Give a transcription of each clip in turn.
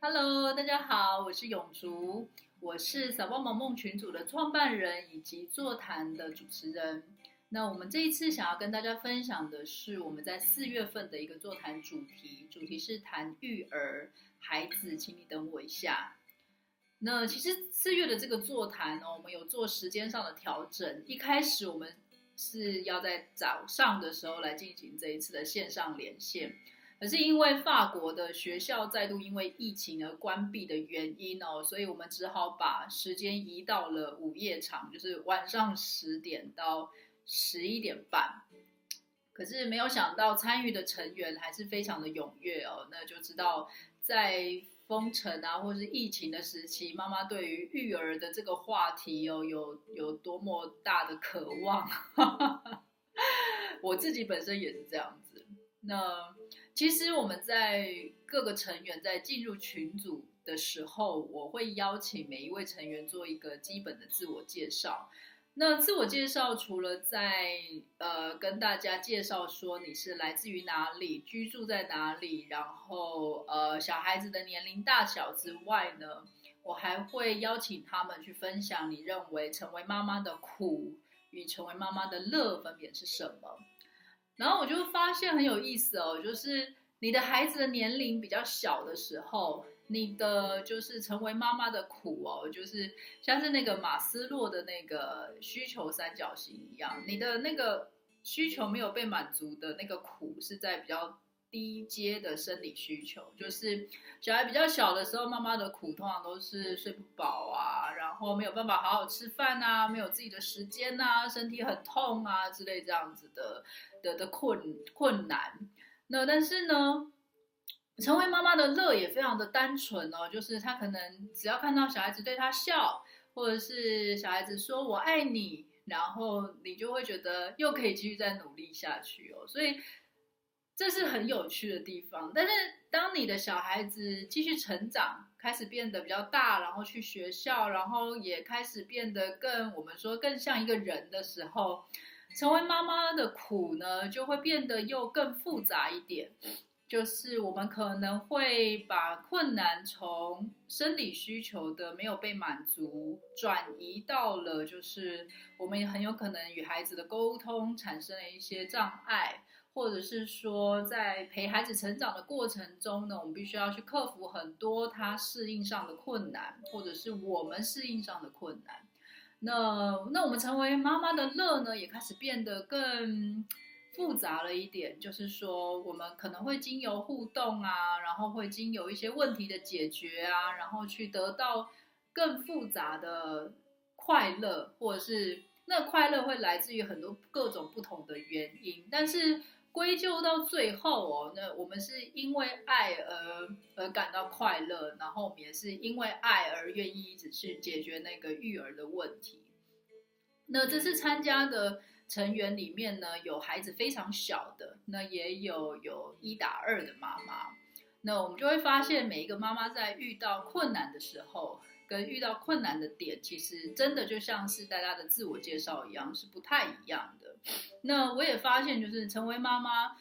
Hello，大家好，我是永竹，我是撒哇瑪矇群組的創辦人以及座談的主持人。那我們這一次想要跟大家分享的是，我們在四月份的一個座談主題，主題是談育兒，孩子，請你等我一下。那其實四月的這個座談呢、哦，我們有做時間上的調整。一開始我們是要在早上的時候來進行這一次的線上連線。可是因為法國的學校再度因為疫情而關閉的原因哦，所以我們只好把時間移到了午夜場，就是晚上十點到十一點半。可是沒有想到參與的成員還是非常的踴躍哦，那就知道在封城啊或是疫情的時期，媽媽對於育兒的這個話題哦有有多麼大的渴望。 我自己本身也是這樣子，那。其實我們在各個成員在進入群組的時候，我會邀請每一位成員做一個基本的自我介紹。那自我介紹除了在呃跟大家介紹說你是來自於哪裡，居住在哪裡，然後呃小孩子的年齡大小之外呢，我還會邀請他們去分享你認為成為媽媽的苦與成為媽媽的樂分別是什麼。然後我就發現很有意思哦，就是。你的孩子的年齡比較小的時候，你的就是成為媽媽的苦哦，就是像是那個馬斯洛的那個需求三角形一樣，你的那個需求沒有被滿足的那個苦是在比較低階的生理需求，就是小孩比較小的時候，媽媽的苦通常都是睡不飽啊，然後沒有辦法好好吃飯吶，沒有自己的時間吶，身體很痛啊之類這樣子的的的困困難。那但是呢，成為媽媽的樂也非常的單純哦，就是他可能只要看到小孩子對他笑，或者是小孩子說我愛你，然後你就會覺得又可以繼續再努力下去哦，所以這是很有趣的地方。但是當你的小孩子繼續成長，開始變得比較大，然後去學校，然後也開始變得更，我們說更像一個人的時候。成為媽媽的苦呢，就會變得又更複雜一點，就是我們可能會把困難從生理需求的沒有被滿足，轉移到了，就是我們也很有可能與孩子的溝通產生了一些障礙，或者是說在陪孩子成長的過程中呢，我們必須要去克服很多他適應上的困難，或者是我們適應上的困難。那那我們成為媽媽的樂呢，也開始變得更複雜了一點。就是說，我們可能會經由互動啊，然後會經由一些問題的解決啊，然後去得到更複雜的快樂，或者是那快樂會來自於很多各種不同的原因，但是。歸咎到最後哦，那我們是因為愛而而感到快樂，然後我們也是因為愛而願意一直去解決那個育兒的問題。那這次參加的成員裡面呢，有孩子非常小的，那也有有一打二的媽媽。那我們就會發現，每一個媽媽在遇到困難的時候。跟遇到困難的點，其實真的就像是大家的自我介紹一樣，是不太一樣的。那我也發現，就是成為媽媽，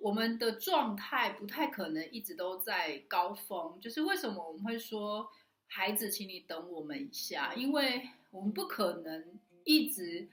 我們的狀態不太可能一直都在高峰。就是為什麼我們會說孩子，請你等我們一下，因為我們不可能一直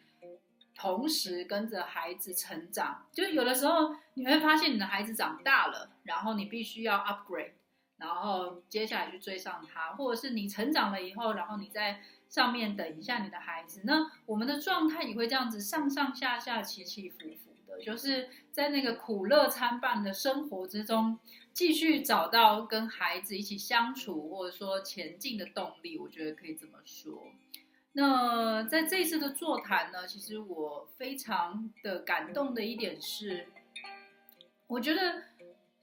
同時跟着孩子成長。就是有的時候你會發現，你的孩子長大了，然後你必須要 upgrade。然後接下來去追上他，或者是你成長了以後，然後你在上面等一下你的孩子，那我們的狀態也會這樣子上上下下起起伏伏的，就是在那個苦樂參半的生活之中，繼續找到跟孩子一起相處或者說前進的動力。我覺得可以這麼說。那在這一次的座談呢，其實我非常的感動的一點是，我覺得。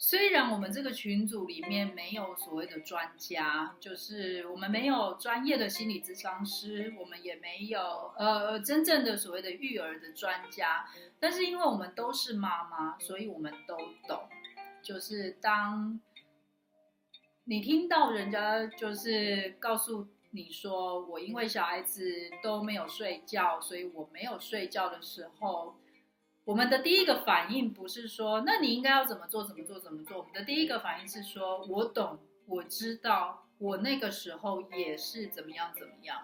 雖然我們這個群組裡面沒有所謂的專家，就是我們沒有專業的心理諮商師，我們也沒有呃真正的所謂的育兒的專家，但是因為我們都是媽媽，所以我們都懂。就是當你聽到人家就是告訴你說“我因為小孩子都沒有睡覺，所以我沒有睡覺”的時候，我們的第一個反應不是說，那你應該要怎麼做，怎麼做，怎麼做。我們的第一個反應是說，我懂，我知道，我那個時候也是怎麼樣怎麼樣。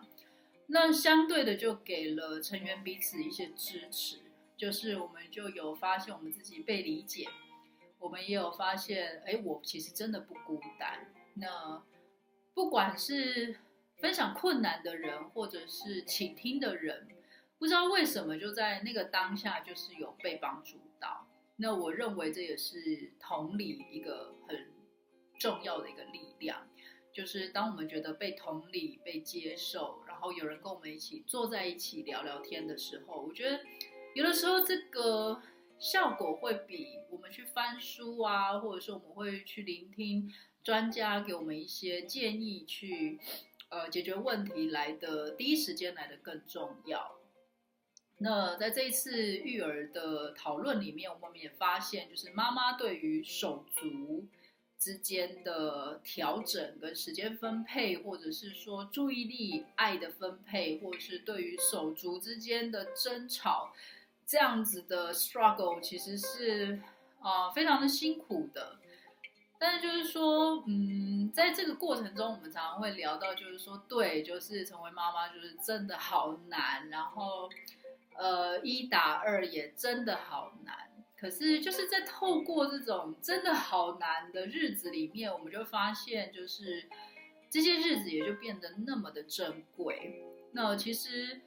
那相對的，就給了成員彼此一些支持，就是我們就有發現我們自己被理解，我們也有發現，哎，我其實真的不孤單。那不管是分享困難的人，或者是傾聽的人。不知道為什麼，就在那個當下，就是有被幫助到。那我認為這也是同理一個很重要的一個力量，就是當我們覺得被同理、被接受，然後有人跟我們一起坐在一起聊聊天的時候，我覺得有的時候這個效果會比我們去翻書啊，或者說我們會去聆聽專家給我們一些建議去呃解決問題來的第一時間來的更重要。那在這一次育兒的討論裡面，我們也發現，就是媽媽對於手足之間的調整跟時間分配，或者是說注意力、愛的分配，或者是對於手足之間的爭吵這樣子的 struggle，其實是啊、呃，非常的辛苦的。但是就是說，嗯，在這個過程中，我們常常會聊到，就是說，對，就是成為媽媽就是真的好難，然後。呃，一打二也真的好難。可是就是在透過這種真的好難的日子裡面，我們就發現，就是這些日子也就變得那麼的珍貴。那其實，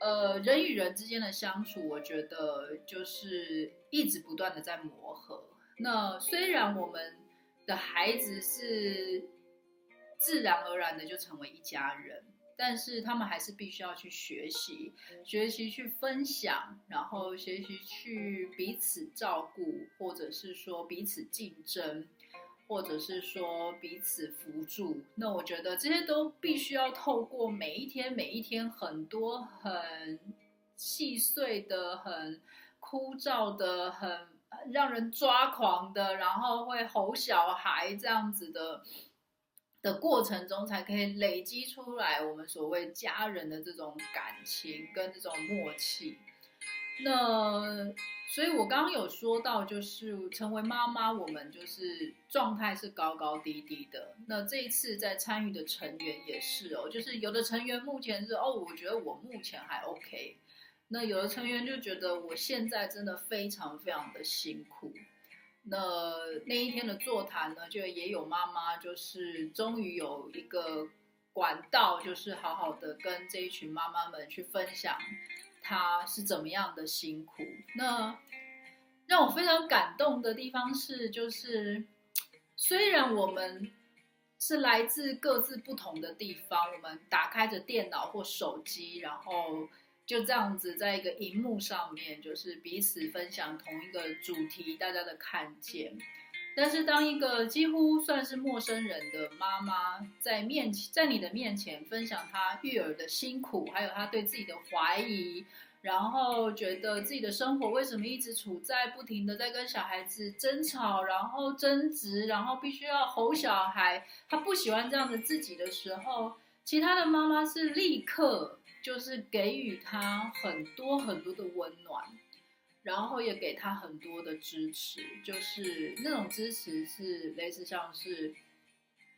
呃，人與人之間的相處，我覺得就是一直不斷的在磨合。那雖然我們的孩子是自然而然的就成為一家人。但是他們還是必須要去學習，學習去分享，然後學習去彼此照顧，或者是說彼此競爭，或者是說彼此扶助。那我覺得這些都必須要透過每一天每一天很多很細碎的、很枯燥的、很讓人抓狂的，然後會吼小孩這樣子的。的過程中，才可以累積出來我們所謂家人的這種感情跟這種默契。那所以，我剛剛有說到，就是成為媽媽，我們就是狀態是高高低低的。那這一次在參與的成員也是哦，就是有的成員目前是哦，我覺得我目前還 OK。那有的成員就覺得我現在真的非常非常的辛苦。那那一天的座談呢，就也有媽媽，就是終於有一個管道，就是好好的跟這一群媽媽們去分享，她是怎麼樣的辛苦。那讓我非常感動的地方是，就是雖然我們是來自各自不同的地方，我們打開着電腦或手機，然後。就這樣子，在一個熒幕上面，就是彼此分享同一個主題，大家的看見。但是，當一個幾乎算是陌生人的媽媽在面前，在你的面前分享她育兒的辛苦，還有她對自己的懷疑，然後覺得自己的生活為什麼一直處在不停的在跟小孩子爭吵，然後爭執，然後必須要吼小孩，她不喜歡這樣的自己的時候，其他的媽媽是立刻。就是給予他很多很多的溫暖，然後也給他很多的支持，就是那種支持是類似像是，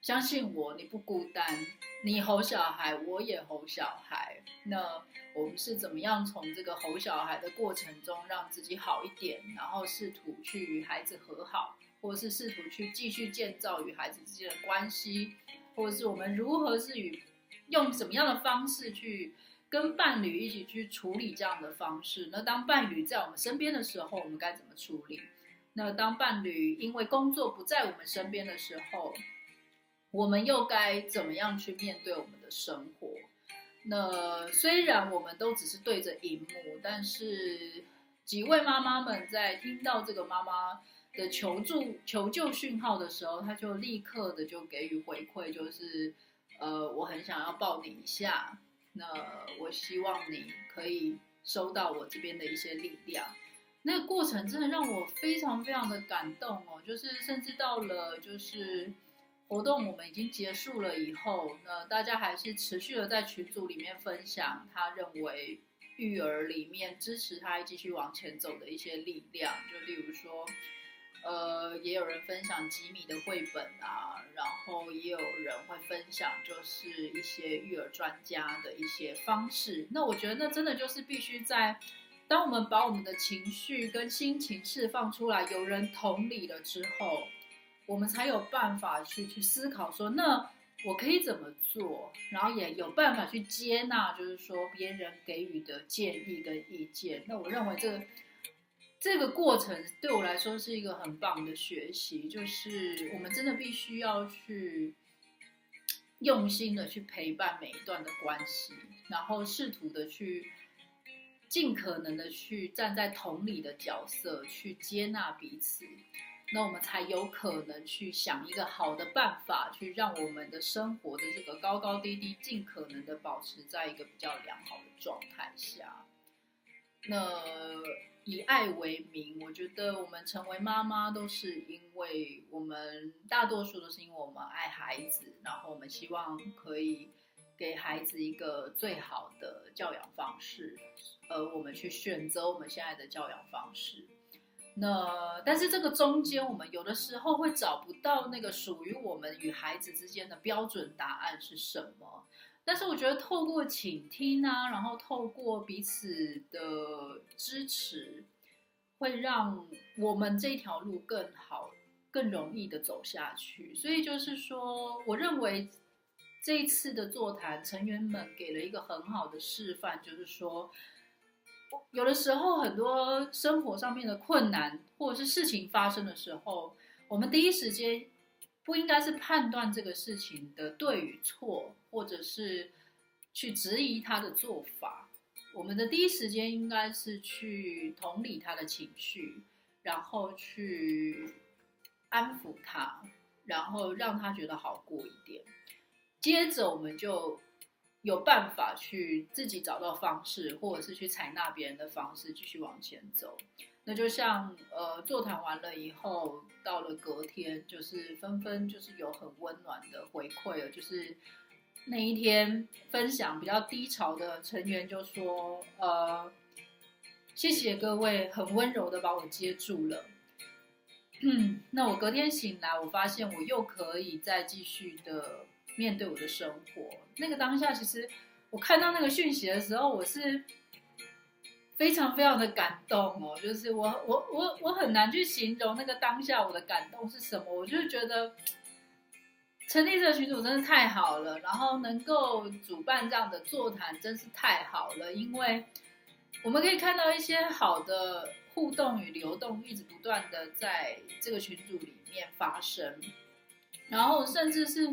相信我，你不孤單，你吼小孩，我也吼小孩。那我們是怎麼樣從這個吼小孩的過程中讓自己好一點，然後試圖去與孩子和好，或者是試圖去繼續建造與孩子之間的關係，或者是我們如何是與用怎麼樣的方式去。跟伴侶一起去處理這樣的方式。那當伴侶在我們身邊的時候，我們該怎麼處理？那當伴侶因為工作不在我們身邊的時候，我們又該怎麼樣去面對我們的生活？那雖然我們都只是對着熒幕，但是幾位媽媽們在聽到這個媽媽的求助求救訊號的時候，她就立刻的就給予回饋，就是呃，我很想要抱你一下。那我希望你可以收到我這邊的一些力量，那個過程真的讓我非常非常的感動哦。就是甚至到了就是活動我們已經結束了以後，那大家還是持續的在群組裡面分享他認為育兒裡面支持他繼續往前走的一些力量，就例如說。呃，也有人分享吉米的繪本啊，然後也有人會分享，就是一些育兒專家的一些方式。那我覺得，那真的就是必須在，當我們把我們的情緒跟心情釋放出來，有人同理了之後，我們才有辦法去去思考說，那我可以怎麼做，然後也有辦法去接納，就是說別人給予的建議跟意見。那我認為這個。這個過程對我來說是一個很棒的學習，就是我們真的必須要去用心的去陪伴每一段的關係，然後試圖的去盡可能的去站在同理的角色去接納彼此，那我們才有可能去想一個好的辦法，去讓我們的生活的這個高高低低盡可能的保持在一個比較良好的狀態下。那。以愛為名，我覺得我們成為媽媽都是因為，我們大多數都是因為我們愛孩子，然後我們希望可以給孩子一個最好的教養方式，而我們去選擇我們現在的教養方式。那，但是這個中間，我們有的時候會找不到那個屬於我們與孩子之間的標準答案是什麼？但是我覺得，透過傾聽啊，然後透過彼此的支持，會讓我們這條路更好、更容易的走下去。所以就是說，我認為這一次的座談成員們給了一個很好的示範，就是說。有的時候，很多生活上面的困難，或者是事情發生的時候，我們第一時間不應該是判斷這個事情的對與錯，或者是去質疑他的做法。我們的第一時間應該是去同理他的情緒，然後去安撫他，然後讓他覺得好過一點。接着，我們就。有辦法去自己找到方式，或者是去採納別人的方式，繼續往前走。那就像呃，座談完了以後，到了隔天，就是紛紛就是有很溫暖的回饋了。就是那一天分享比較低潮的成員就說：“呃，謝謝各位，很溫柔的把我接住了。”嗯，那我隔天醒來，我發現我又可以再繼續的面對我的生活。那個當下，其實我看到那個訊息的時候，我是非常非常的感動哦。就是我我我我很難去形容那個當下我的感動是什麼。我就覺得成、呃、立這個群組真的太好了，然後能夠主辦這樣的座談真是太好了，因為我們可以看到一些好的互動與流動一直不斷的在這個群組裡面發生，然後甚至是。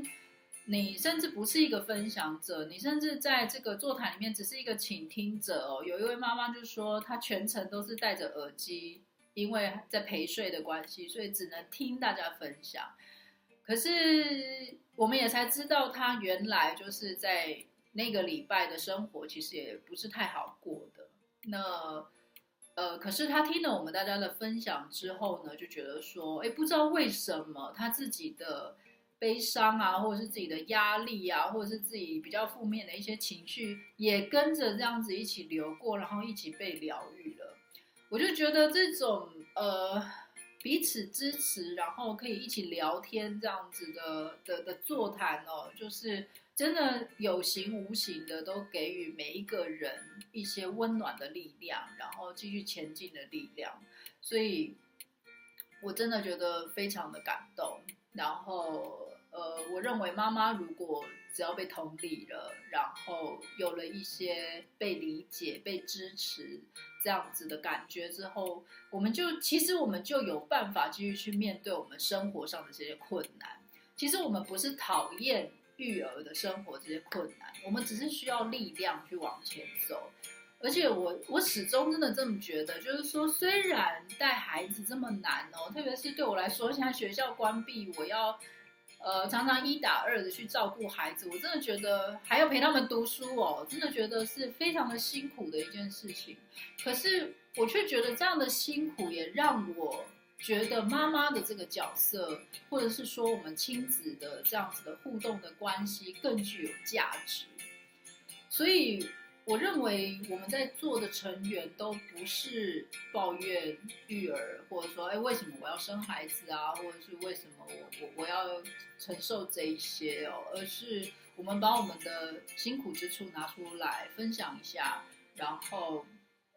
你甚至不是一個分享者，你甚至在這個座談裡面只是一個傾聽者哦。有一位媽媽就說，她全程都是戴着耳機，因為在陪睡的關係，所以只能聽大家分享。可是我們也才知道，她原來就是在那個禮拜的生活其實也不是太好過的。那呃，可是她聽了我們大家的分享之後呢，就覺得說，誒，不知道為什麼她自己的。悲傷啊，或者是自己的壓力啊，或者是自己比較負面的一些情緒，也跟着這樣子一起流過，然後一起被療癒了。我就覺得這種呃彼此支持，然後可以一起聊天這樣子的的的座談哦，就是真的有形無形的都給予每一個人一些溫暖的力量，然後繼續前進的力量。所以，我真的覺得非常的感動，然後。呃，我認為媽媽如果只要被同理了，然後有了一些被理解、被支持這樣子的感覺之後，我們就其實我們就有辦法繼續去面對我們生活上的這些困難。其實我們不是討厭育兒的生活這些困難，我們只是需要力量去往前走。而且我我始終真的這麼覺得，就是說，雖然帶孩子這麼難哦，特別是對我來說，現在學校關閉，我要……呃，常常一打二的去照顧孩子，我真的覺得還要陪他們讀書哦，真的覺得是非常的辛苦的一件事情。可是我卻覺得這樣的辛苦也讓我覺得媽媽的這個角色，或者是說我們親子的這樣子的互動的關係更具有價值，所以。我認為我們在座的成員都不是抱怨育兒，或者說，哎、欸，為什麼我要生孩子啊？或者是為什麼我我我要承受這一些哦，而是我們把我們的辛苦之處拿出來分享一下，然後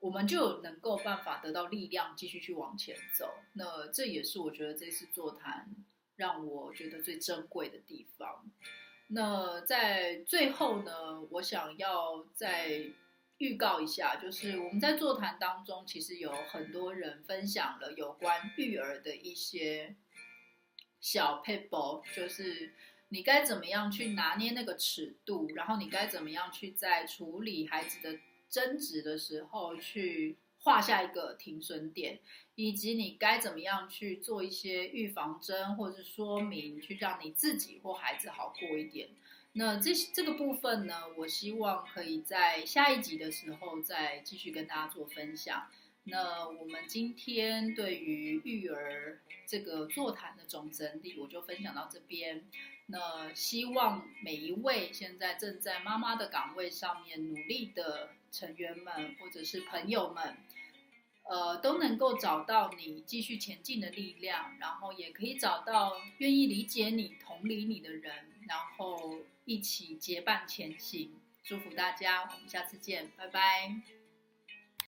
我們就能夠辦法得到力量，繼續去往前走。那這也是我覺得這次座談讓我覺得最珍貴的地方。那在最後呢，我想要再預告一下，就是我們在座談當中，其實有很多人分享了有關育兒的一些小撇步，就是你該怎麼樣去拿捏那個尺度，然後你該怎麼樣去在處理孩子的爭執的時候，去畫下一個停損點。以及你該怎麼樣去做一些預防針，或者是說明，去讓你自己或孩子好過一點。那這這個部分呢，我希望可以在下一集的時候再繼續跟大家做分享。那我們今天對於育兒這個座談的總整理，我就分享到這邊。那希望每一位現在正在媽媽的崗位上面努力的成員們，或者是朋友們。呃，都能夠找到你繼續前進的力量，然後也可以找到願意理解你、同理你的人，然後一起結伴前行。祝福大家，我們下次見，拜拜。